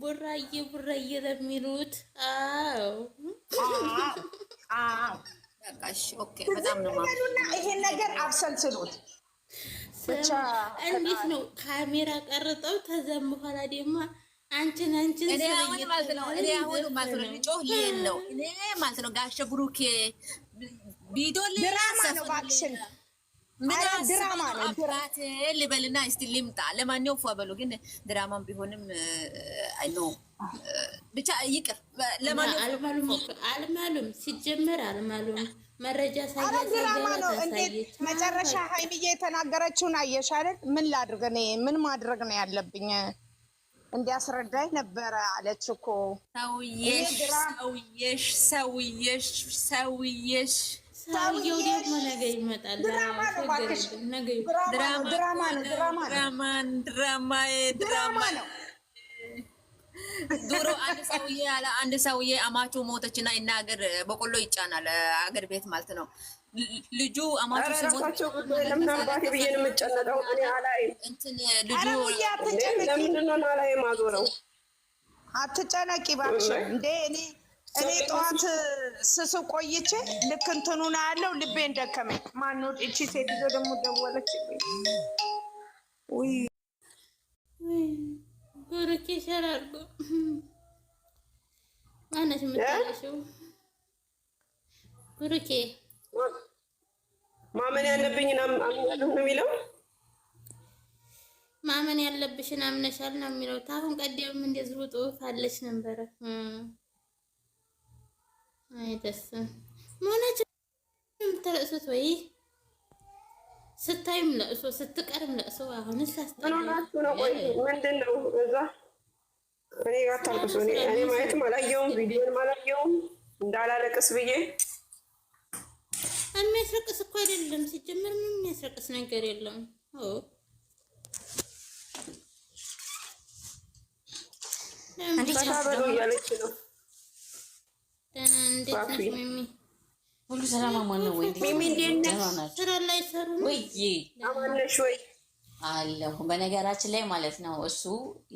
ቡራዬ ቡራዬ ለሚሉት አዎ፣ አዎ በቃ ይሄን ነገር አብሰልስሉት። እንዴት ነው ካሜራ ቀርጠው ተዘም በኋላ ደግሞ አንቺን አንቺን ማለት ነው ጋሸ ብሩኬ ድራማ ነው ድራማ ነው ድራማ ልበልና እስቲ ልምጣ። ለማንኛውም ፏ በሉ ግን ድራማም ቢሆንም አይኖ ብቻ ይቅር። ለማንኛውም አልማሉም፣ ሲጀመር አልማሉም። መረጃ ድራማ ነው። እንዴት መጨረሻ ሀይሚዬ የተናገረችውን አየሽ ምን ላድርግ እኔ ምን ማድረግ ነው ያለብኝ? እንዲያስረዳኝ ነበረ አለች እኮ ሰውዬሽ ሰውዬሽ ሰውዬሽ ሰውየው ደግሞ ነገ ይመጣል። ድራማ ነው። ድሮ አንድ ሰውዬ ያለ አንድ ሰውዬ አማቹ ሞተች እና ሀገር በቆሎ ይጫናል አገር ቤት ማለት ነው። ልጁ አማቹ ሲሞት እንትን ልጁ አትጨነቂ፣ አትጨነቂ እባክሽ እንደ እኔ እኔ ጠዋት ስሱ ቆይቼ ልክ እንትኑን ያለው ልቤን ደከመኝ። ማነው እቺ ሴትዮ ደግሞ ደወለች። ብሩኬ ሸራርጎ ማነች የምታለሽው? ብሩኬ ማመን ያለብኝ ነው የሚለው ማመን ያለብሽን አምነሻል ነው የሚለው። ታሁን ቀደም እንደዚሁ ጽሑፍ አለች ነበረ አይደስም መሆነች የምትለቅሱት ወይ ስታይም ለቅሶ ስትቀርም ለቅሶ። አሁን አስተምናችሁ ነው። ቆይ ምንድን ነው እዛ? እኔ አታልቅሱ። እኔ ማየትም አላየውም፣ ቪዲዮንም አላየውም እንዳላለቅስ ብዬ የሚያስረቅስ እኮ አይደለም ሲጀምር፣ ምን የሚያስረቅስ ነገር የለም። እንዴት ነው እያለች ነው ሁሉ ሰላም አማን ነው ወይ? ሚሚ አለሁ። በነገራችን ላይ ማለት ነው እሱ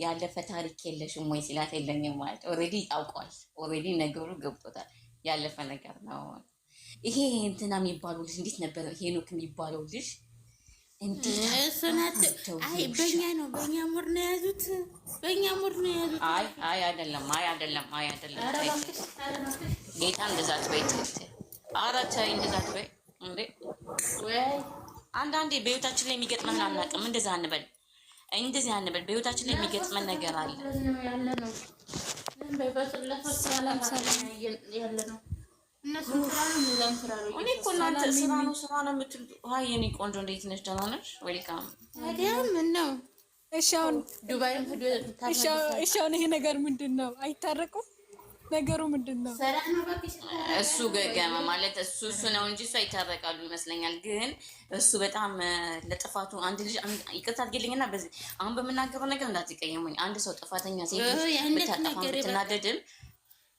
ያለፈ ታሪክ የለሽም ወይ ሲላት የለኝም ማለት ኦልሬዲ ታውቋል። ኦልሬዲ ነገሩ ገብቶታል። ያለፈ ነገር ነው ይሄ እንትና የሚባለው ልጅ እንዴት ነበር ሄኖክ የሚባለው ልጅ አይ በእኛ ነው በእኛ ሙር ነው የያዙት፣ በእኛ ሙር ነው የያዙት። አይ አይ አይደለም፣ አይ አይደለም፣ አይ አይደለም። ጌታ እንደዛ እንደዛ እንዴ። አንዳንዴ በህይወታችን ላይ የሚገጥመን አናውቅም፣ እንደዛ አንበል፣ እንደዚህ አንበል። በህይወታችን ላይ የሚገጥመን ነገር አለ። እነሱ ስራ ነው እነዛም ስራ ነው። እኔ እኮ እናንተ ስራ ነው ስራ ነው የምትሉ ሀይ፣ የኔ ቆንጆ እንዴት ነሽ? ደህና ነሽ? ዌልካም። ታዲያ ምን ነው እሺ፣ አሁን ዱባይም አሁን ይሄ ነገር ምንድን ነው? አይታረቁም? ነገሩ ምንድን ነው? እሱ ገገመ ማለት እሱ እሱ ነው እንጂ እሱ አይታረቃሉ ይመስለኛል። ግን እሱ በጣም ለጥፋቱ አንድ ልጅ ይቅርታ አድርጌልኝና በዚህ አሁን በምናገረው ነገር እንዳትቀየሙኝ። አንድ ሰው ጥፋተኛ ሴት ብታጠፋ ብትናደድም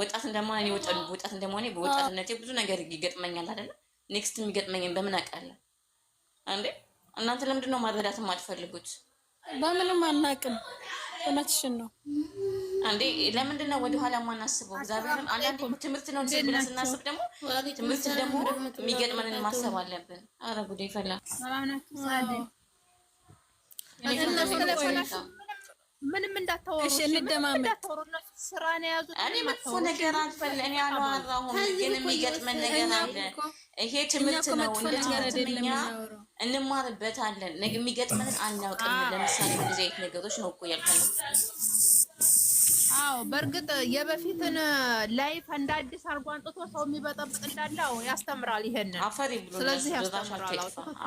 ወጣት እንደማን እኔ ወጣት ወጣት እንደመሆነ በወጣትነቴ ብዙ ነገር ይገጥመኛል አይደለ? ኔክስት የሚገጥመኝን በምን አውቃለሁ? አንዴ እናንተ ለምንድን ነው ማረዳት የማትፈልጉት? በምንም አናውቅም። እውነትሽን ነው። አንዴ ለምንድን ነው ወደኋላ ማናስበው? እግዚአብሔርን አንዳንዴ ትምህርት ነው እንጂ ብለን ስናስብ ደግሞ ትምህርት ደግሞ የሚገጥመንን ማሰብ አለብን። አረ ጉዴ ፈላ ምንም እንዳታወሩ፣ እንዳታወሩ እነሱ ስራ ነው ያዙ። እኔ መጥፎ ነገር አልፈል እኔ አልዋራሁም፣ ግን የሚገጥመን ነገር አለ። ይሄ ትምህርት ነው፣ እንደትምኛ ትምህርት እኛ የሚገጥመን አናውቅም። ለምሳሌ ጊዜ የት ነገሮች ነው እኮ ያልከለ አዎ በእርግጥ የበፊትን ላይፍ እንደ አዲስ አድርጎ አንጥቶ ሰው የሚበጠብጥ እንዳለው ያስተምራል። ይሄንን አፈሪ ብሎ ስለዚህ ያስተምራል።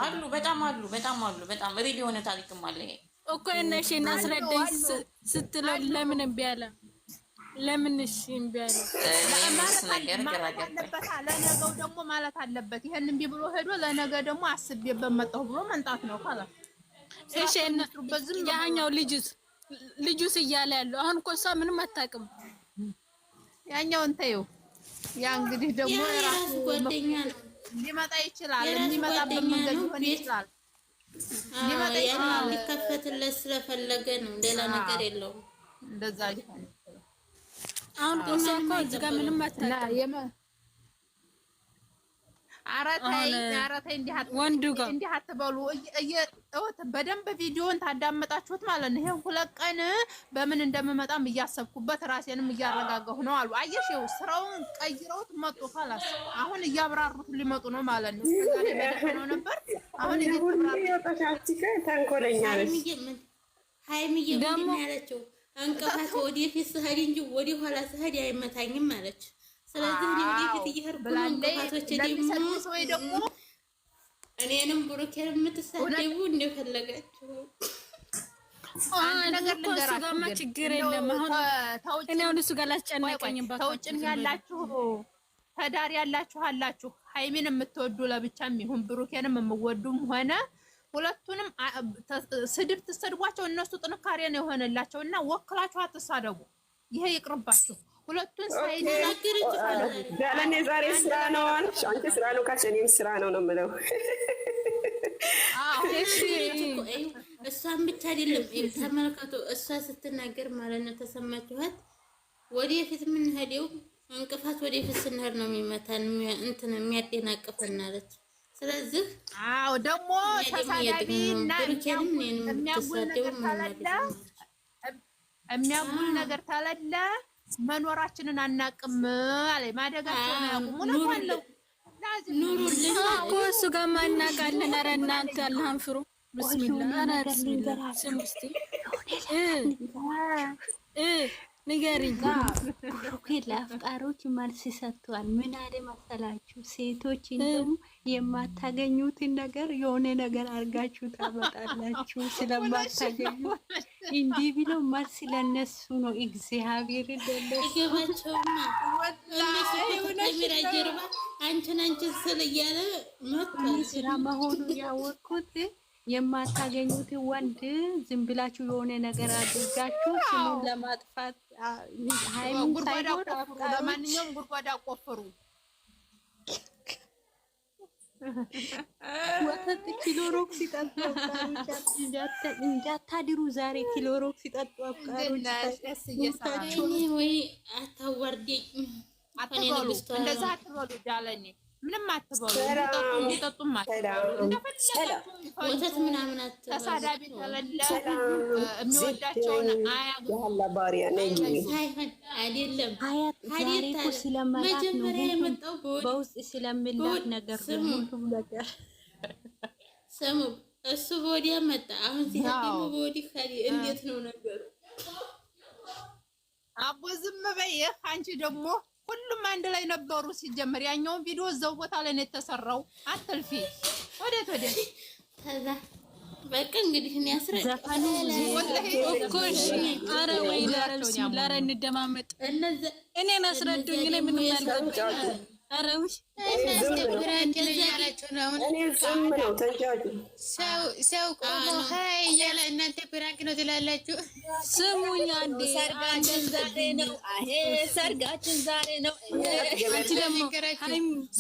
አሉ በጣም አሉ በጣም አሉ በጣም ሪል የሆነ ታሪክም አለ ይሄ እኮ እነሺ እናስረዳኝ ስትለው ለምን እምቢ አለ? ለምን እሺ እምቢ አለ? ለነገው ደግሞ ማለት አለበት። ይሄን እምቢ ብሎ ሄዶ ለነገ ደግሞ አስቤበት መጣሁ ብሎ መንጣት ነው። እሺ ያኛው ልጁስ ልጁስ እያለ ያለው አሁን እኮ እሷ ምንም አታውቅም። ያኛው እንተየው ያ እንግዲህ ደግሞ ራሱ ጓደኛ ሊመጣ ይችላል። የሚመጣበት መንገድ ሊሆን ይችላል። ሊከፈትለት ስለፈለገ ነው። ሌላ ነገር የለውም። እንደዛ አሁን እዚህ ጋር ምንም ኧረ ተይ ኧረ ተይ እንዲህ አትበሉ። በደንብ ቪዲዮን ታዳመጣችሁት ማለት ነው። ይሄን ሁለት ቀን በምን እንደምመጣም እያሰብኩበት ራሴንም እያረጋገሁ ነው አሉ። አየሽ፣ ይኸው ስራውን ቀይረውት መጡ። ካላስ አሁን እያብራሩት ሊመጡ ነው ማለት ነው። ነው ነበር አሁን ተንኮለኛ ያለችው አንቀፋት ወደ ፊት ስሄድ እንጂ ወደ ኋላ ስሄድ አይመታኝም አለች። ስለዚህ እንዲህ ወደፊት እየሄድኩ ነው። ደግሞ ወይ ደግሞ እኔንም ብሩኬን የምትሳደቡ እንደፈለጋችሁ እሱጋማ ችግር የለም። አሁን እኔ እሱ ጋር ላስጨነቀኝም ተውጭን ያላችሁ ተዳር ያላችሁ አላችሁ ሀይሚን የምትወዱ ለብቻም ይሁን ብሩኬንም የምወዱም ሆነ ሁለቱንም ስድብ ትሰድቧቸው፣ እነሱ ጥንካሬ ነው የሆነላቸው እና ወክላችሁ አትሳደቡ። ይሄ ይቅርባችሁ። ሁለቱን ሳይናገር ለእኔ ዛሬ ስራ ነው አልሽ። አንቺ ስራ ነው ካልሽ እኔም ስራ ነው ነው የምለው። እሷን ብቻ አይደለም ተመልከቱ። እሷ ስትናገር ማለት ነው ተሰማችኋት። ወደፊት የምንሄደው እንቅፋት ወደፊት ስንሄድ ነው የሚመታን እንትን የሚያደናቅፈን አለች። ስለዚህ አዎ ደግሞ ተሳዳቢ እና የሚያጉል ነገር ታለላ መኖራችንን አናቅም አለ ማደጋቸውን እኮ እሱ ጋር ማናቃለን። ኧረ እናንተ አላህን ፍሩ። ብስሚላ ስም ንገሪኝ። ብሩኬ ለአፍቃሮች መልስ ሰጥቷል። ምን አለ መሰላችሁ? ሴቶች እንደውም የማታገኙትን ነገር የሆነ ነገር አድርጋችሁ ታመጣላችሁ ስለማታገኙ እንዲህ ብሎ መልስ ለነሱ ነው። እግዚአብሔር አንቺን ስራ መሆኑን ያወቅኩት የማታገኙት ወንድ ዝም ብላችሁ የሆነ ነገር አድርጋችሁ ስሙን ለማጥፋት ሃይሚን ሳይሆን ለማንኛውም ጉድጓድ አቆፍሩ። ወተት ክሎሮክስ ሲጠጡ እንዳታድሩ። ዛሬ ክሎሮክስ ሲጠጡ አፍቃሮች ወይ አታዋርዴ እንደዛ አትበሉ ጃለኔ ምንም አትበሉ። እንዲጠጡም ወተት ምናምን ተሳዳቢ ተበለ የሚወዳቸውን አይደለም። መጀመሪያ የመጣው በውስጥ ስለምላት ነገር ሁሉም ነገር ስሙ። እሱ በወዲያ መጣ። አሁን ሲሄድ በወዲህ እንዴት ነው ነገሩ? አቦ ዝም በይ አንቺ ደግሞ ሁሉም አንድ ላይ ነበሩ። ሲጀመር ያኛውን ቪዲዮ እዛው ቦታ ላይ ነው የተሰራው። አትልፊ ወዴት ወዴት ከዛ በቃ እንግዲህ እኔ አስረዘፈኑ እኮ እሺ። ኧረ ወይ ለረብሲ ለረ እንደማመጥ እኔን አስረዱኝ። እኔ ምንም ያልገባኝ ሰው ቆሞ ሀይ እናንተ ፕራንክ ነው ትላላችሁ። ስሙኝ አንዴ፣ ሰርጋችን ዛሬ ነው። ሰርጋችን ዛሬ ነው።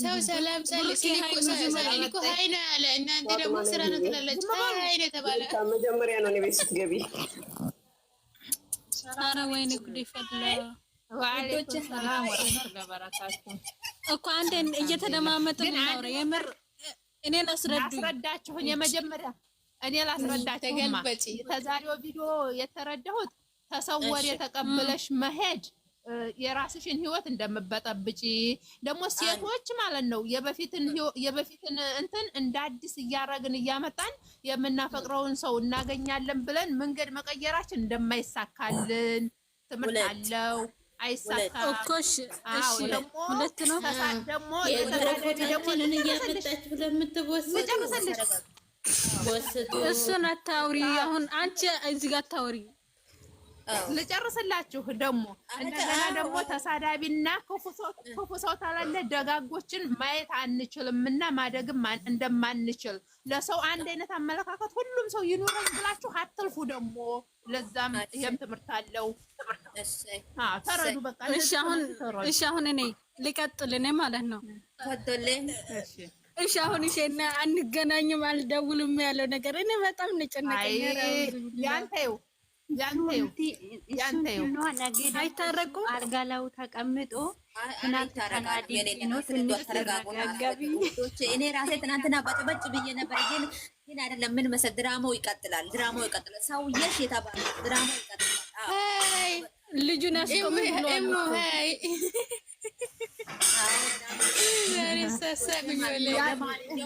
ሰው ሰላም ሳይልኩ ሀይ ነው ያለ፣ እናንተ ደግሞ ስራ ነው ትላላችሁ። ሀይ ነው የተባለ መጀመሪያ ነው ቤት ስትገቢ። ኧረ ወይኔ ጉድ ይፈላ። ወአለይኩም ሰላም ወረህመቱላሂ ወበረካቱህ እኮ አንዴ ነው። የምር እኔ ላስረዳችሁኝ የመጀመሪያ እኔ ላስረዳችሁማ ቪዲዮ የተረዳሁት ከሰው ወሬ መሄድ የራስሽን ህይወት እንደምበጠብጪ ደግሞ ሴቶች ማለት ነው የበፊትን የበፊትን እንትን እንደ አዲስ እያረግን እያመጣን የምናፈቅረውን ሰው እናገኛለን ብለን መንገድ መቀየራችን እንደማይሳካልን ትምህርት አለው። አይሳካም እኮ እሺ። ሁለት ነው ደግሞ እሱን አታውሪ። አሁን አንቺ እዚህ ጋር አታውሪ ልጨርስላችሁ ደግሞ እንደገና ደግሞ ተሳዳቢና ክፉ ሰው ተለለ ደጋጎችን ማየት አንችልም እና ማደግም እንደማንችል ለሰው አንድ አይነት አመለካከት ሁሉም ሰው ይኑረኝ ብላችሁ አትልፉ። ደግሞ ለዛም ይሄም ትምህርት አለው። ተረዱ። በቃ እሺ፣ አሁን እኔ ልቀጥል። እኔ ማለት ነው እሺ አሁን እሺ፣ እና አንገናኝም አልደውልም ያለው ነገር እኔ በጣም ንጨነቀኝ። ያንተው አይታረቁም። አልጋ ላይ ተቀምጦ እኔ ራሴ ትናንትና በጭበጭ ብዬ ነበር፣ ግን ግን አይደለም። ምን መሰል ድራማው ይቀጥላል፣ ድራማው ይቀጥላል። ሰውዬሽ የተባለው ድራማው ይቀጥላል። ልጁን አስቆም ብሎ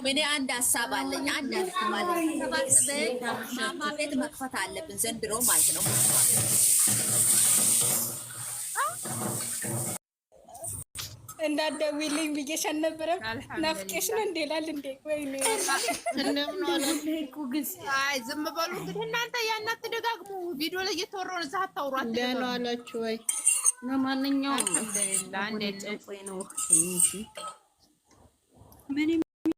እኔ አንድ ሀሳብ አለኝ። አንድ ማለት ሻማ ቤት መክፈት አለብን ዘንድሮ ማለት ነው። እንዳትደውይልኝ ብዬሽ አልነበረም? ናፍቄሽ ነው እንዴ? እላል እንዴ ወይ ዝም በሉ እንግዲህ እናንተ ያናት ደጋግሞ ቪዲዮ ላይ እየተወራው እዛ አታውሯት። ደህና ዋላችሁ ወይ? ለማንኛውም ምንም